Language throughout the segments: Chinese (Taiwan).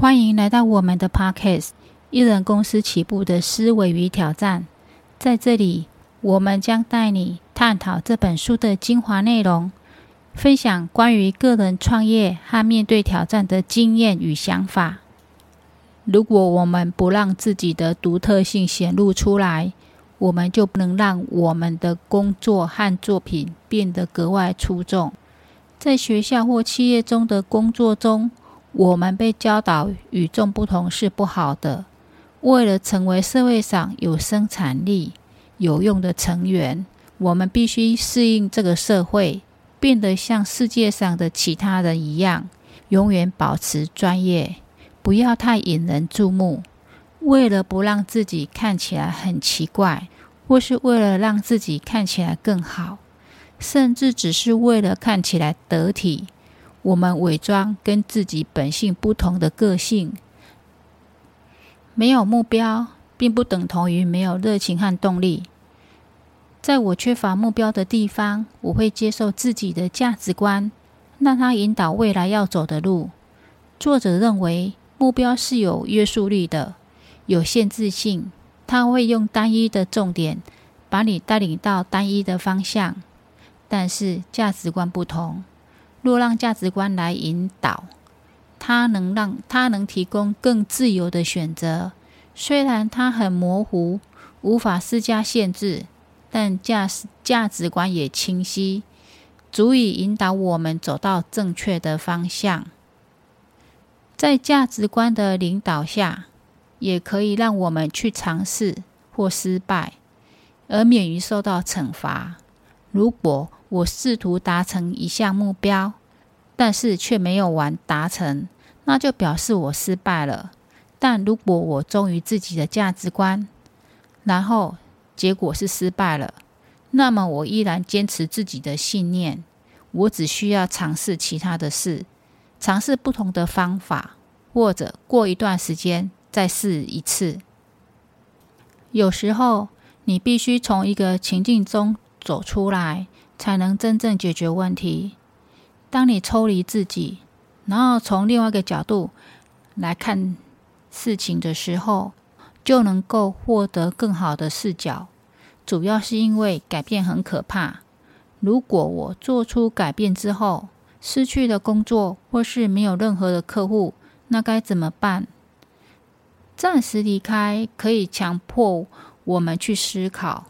歡迎來到我們的 Podcast《一人公司起步的思維與挑戰》。在這裡，我們將帶你探討這本書的精華內容，分享關於個人創業和面對挑戰的經驗與想法。如果我們不讓自己的獨特性顯露出來，我們就不能讓我們的工作和作品變得格外出眾。在學校或企業中的工作中，我們被教導與眾不同是不好的。為了成為社會上有生產力、有用的成員，我們必須適應這個社會，變得像世界上的其他人一樣，永遠保持專業，不要太引人注目。為了不讓自己看起來很奇怪，或是為了讓自己看起來更好，甚至只是為了看起來得體。我們偽裝跟自己本性不同的個性，沒有目標，並不等同於沒有熱情和動力。在我缺乏目標的地方，我會接受自己的價值觀，讓它引導未來要走的路。作者認為，目標是有約束力的，有限制性，他會用單一的重點把你帶領到單一的方向，但是價值觀不同。若讓價值觀來引導，它能讓它能提供更自由的選擇。雖然它很模糊，無法施加限制，但價價值觀也清晰，足以引導我們走到正確的方向。在價值觀的領導下，也可以讓我們去嘗試或失敗，而免於受到懲罰。如果我試圖達成一項目標，但是卻沒有完達成，那就表示我失敗了。但如果我忠於自己的價值觀，然後結果是失敗了，那麼我依然堅持自己的信念。我只需要嘗試其他的事，嘗試不同的方法，或者過一段時間再試一次。有時候，你必須從一個情境中走出來。才能真正解決問題。當你抽離自己，然後從另外一個角度來看事情的時候，就能夠獲得更好的視角。主要是因為改變很可怕。如果我做出改變之後，失去了工作，或是沒有任何的客戶，那該怎麼辦？暫時離開可以強迫我們去思考。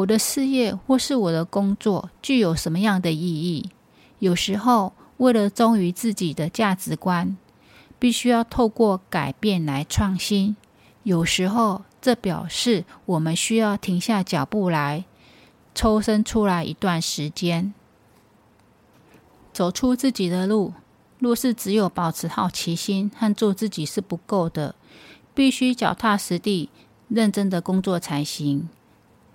我的事業或是我的工作具有什麼樣的意義？有時候，為了忠於自己的價值觀，必須要透過改變來創新。有時候，這表示我們需要停下腳步來，抽身出來一段時間，走出自己的路。若是只有保持好奇心和做自己是不夠的，必須腳踏實地、認真的工作才行。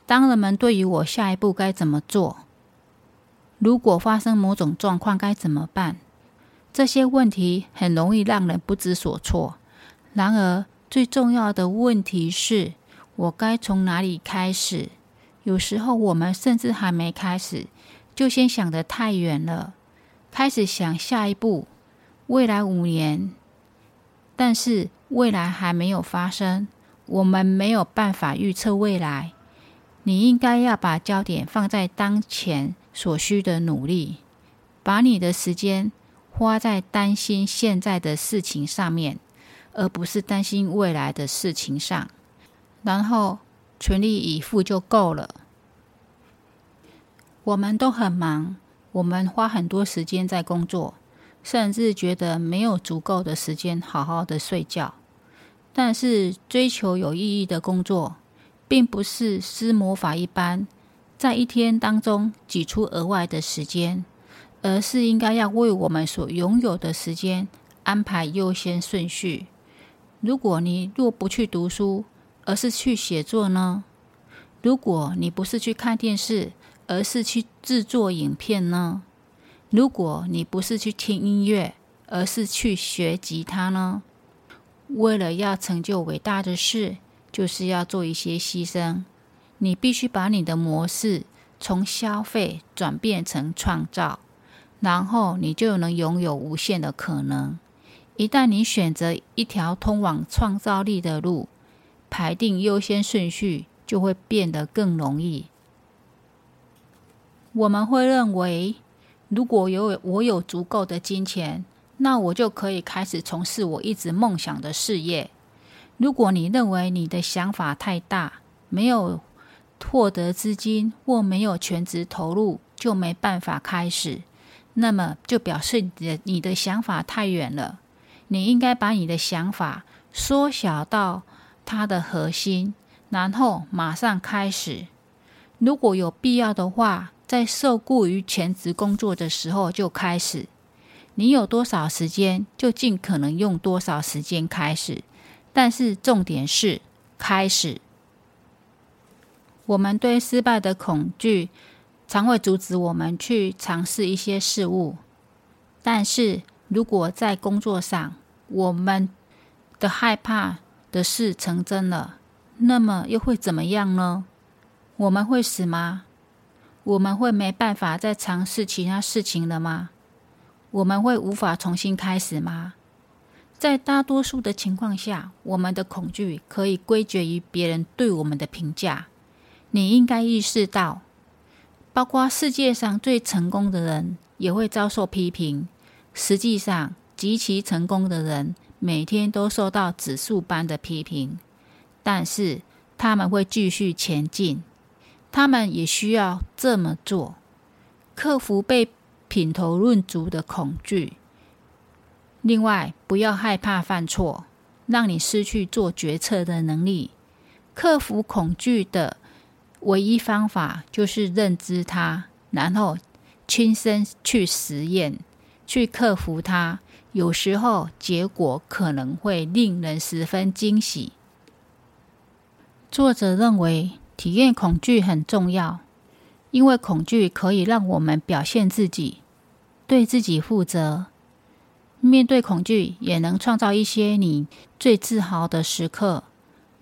當人們對於我下一步該怎麼做？如果發生某種狀況該怎麼辦？這些問題很容易讓人不知所措。然而，最重要的問題是我該從哪裡開始？有時候我們甚至還沒開始，就先想得太遠了，開始想下一步、未來五年。但是未來還沒有發生，我們沒有辦法預測未來。你應該要把焦點放在當前所需的努力，把你的時間花在擔心現在的事情上面，而不是擔心未來的事情上。然後全力以赴就夠了。我們都很忙，我們花很多時間在工作，甚至覺得沒有足夠的時間好好的睡覺。但是追求有意義的工作。並不是施魔法一般，在一天當中擠出額外的時間，而是應該要為我們所擁有的時間安排優先順序。如果你若不去讀書，而是去寫作呢？如果你不是去看電視，而是去制作影片呢？如果你不是去聽音樂，而是去學吉他呢？為了要成就偉大的事，就是要做一些犧牲，你必須把你的模式從消費轉變成創造，然後你就能擁有無限的可能。一旦你選擇一條通往創造力的路，排定優先順序就會變得更容易。我們會認為，如果有我有足夠的金錢，那我就可以開始從事我一直夢想的事業。如果你認為你的想法太大，沒有獲得資金或沒有全職投入就沒辦法開始，那麼就表示你的，你的想法太遠了。你應該把你的想法縮小到它的核心，然後馬上開始。如果有必要的話，在受僱於全職工作的時候就開始。你有多少時間，就盡可能用多少時間開始。但是重點是，開始。我們對失敗的恐懼，常會阻止我們去嘗試一些事物。但是如果在工作上，我們的害怕的事成真了，那麼又會怎麼樣呢？我們會死嗎？我們會沒辦法再嘗試其他事情了嗎？我們會無法重新開始嗎？在大多數的情況下，我們的恐懼可以歸結於別人對我們的評價。你應該意識到，包括世界上最成功的人也會遭受批評。實際上，極其成功的人每天都受到指數般的批評，但是他們會繼續前進。他們也需要這麼做，克服被品頭論足的恐懼。另外，不要害怕犯錯，讓你失去做決策的能力。克服恐懼的唯一方法就是認知它，然後親身去實驗，去克服它。有時候，結果可能會令人十分驚喜。作者認為，體驗恐懼很重要，因為恐懼可以讓我們表現自己，對自己負責。面對恐懼，也能創造一些你最自豪的時刻。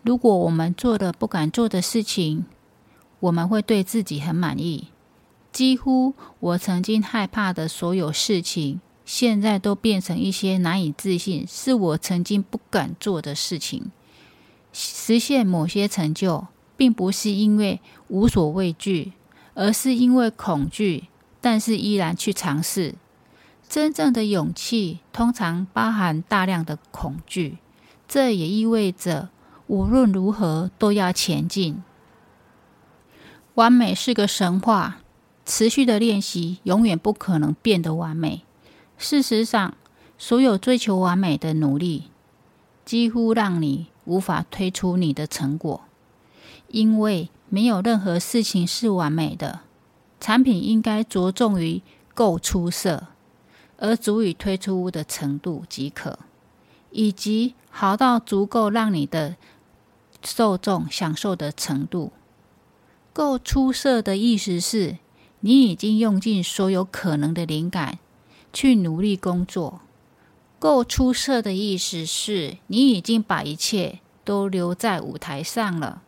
如果我們做了不敢做的事情，我們會對自己很滿意。幾乎我曾經害怕的所有事情，現在都變成一些難以置信，是我曾經不敢做的事情。實現某些成就，並不是因為無所畏懼，而是因為恐懼，但是依然去嘗試。真正的勇氣通常包含大量的恐懼，這也意味着無論如何都要前進。完美是個神話，持續的練習永遠不可能變得完美。事實上，所有追求完美的努力幾乎讓你無法推出你的成果，因為沒有任何事情是完美的。產品應該着重於夠出色。而足以推出的程度即可，以及好到足夠讓你的受眾享受的程度。夠出色的意思是你已經用盡所有可能的靈感去努力工作。夠出色的意思是你已經把一切都留在舞台上了。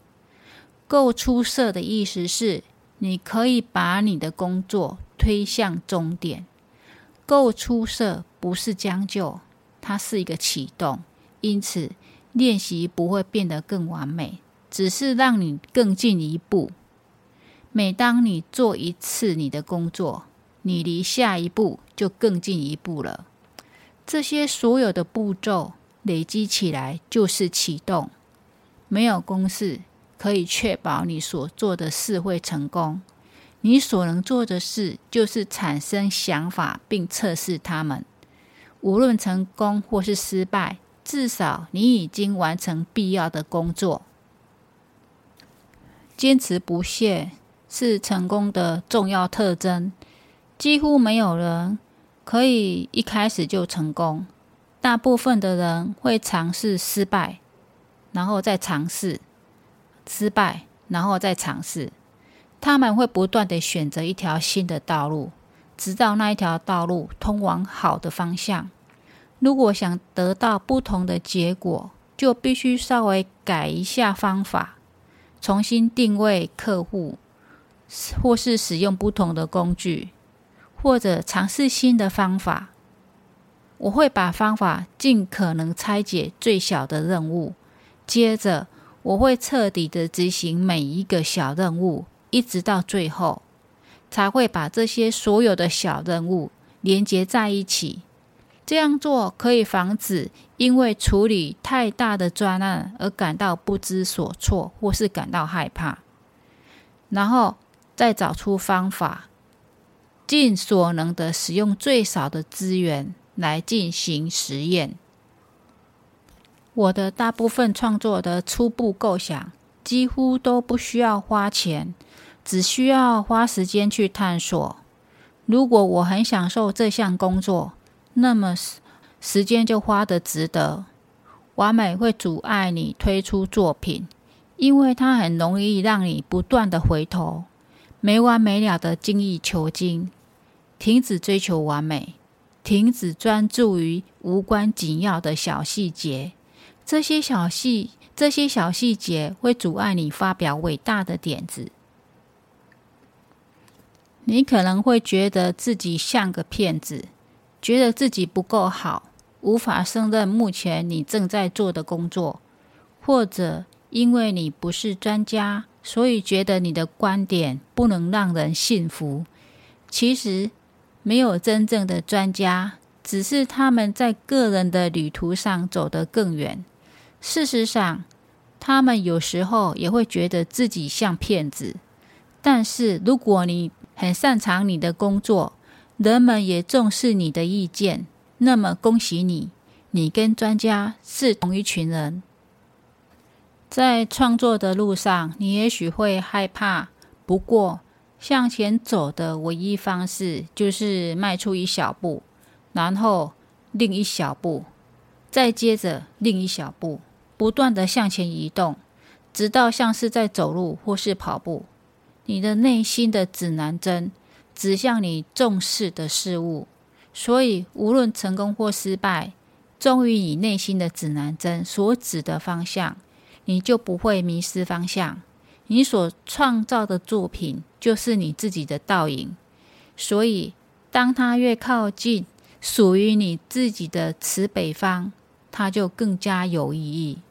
夠出色的意思是你可以把你的工作推向終點。夠出色不是將就，它是一個啟動。因此，練習不會變得更完美，只是讓你更進一步。每當你做一次你的工作，你離下一步就更進一步了。這些所有的步驟累積起來就是啟動。沒有公式可以確保你所做的事會成功。你所能做的事就是產生想法並測試它們，無論成功或是失敗，至少你已經完成必要的工作。堅持不懈是成功的重要特徵。幾乎沒有人可以一開始就成功，大部分的人會嘗試失敗，然後再嘗試，失敗，然後再嘗試。他們會不斷的選擇一條新的道路，直到那一條道路通往好的方向。如果想得到不同的結果，就必須稍微改一下方法，重新定位客戶，或是使用不同的工具，或者嘗試新的方法。我會把方法盡可能拆解最小的任務，接着我會徹底的執行每一個小任務。一直到最後，才會把這些所有的小任務連接在一起。這樣做可以防止因為處理太大的專案而感到不知所措，或是感到害怕。然後再找出方法，盡所能的使用最少的資源來進行實驗。我的大部分創作的初步構想幾乎都不需要花錢。只需要花時間去探索。如果我很享受這項工作，那麼時間就花得值得。完美會阻礙你推出作品，因為它很容易讓你不斷的回頭，沒完沒了的精益求精。停止追求完美，停止專注於無關緊要的小細節。這些小細，這些小細節會阻礙你發表偉大的點子。你可能會覺得自己像個騙子，覺得自己不夠好，無法勝任目前你正在做的工作，或者因為你不是專家，所以覺得你的觀點不能讓人信服。其實沒有真正的專家，只是他們在個人的旅途上走得更遠。事實上，他們有時候也會覺得自己像騙子，但是如果你。很擅長你的工作，人們也重視你的意見，那麼恭喜你，你跟專家是同一群人。在創作的路上，你也許會害怕，不過向前走的唯一方式就是邁出一小步，然後另一小步，再接着另一小步，不斷地向前移動，直到像是在走路或是跑步。你的內心的指南針指向你重視的事物，所以無論成功或失敗，忠於你內心的指南針所指的方向，你就不會迷失方向。你所創造的作品就是你自己的倒影，所以當它越靠近屬於你自己的磁北方，它就更加有意義。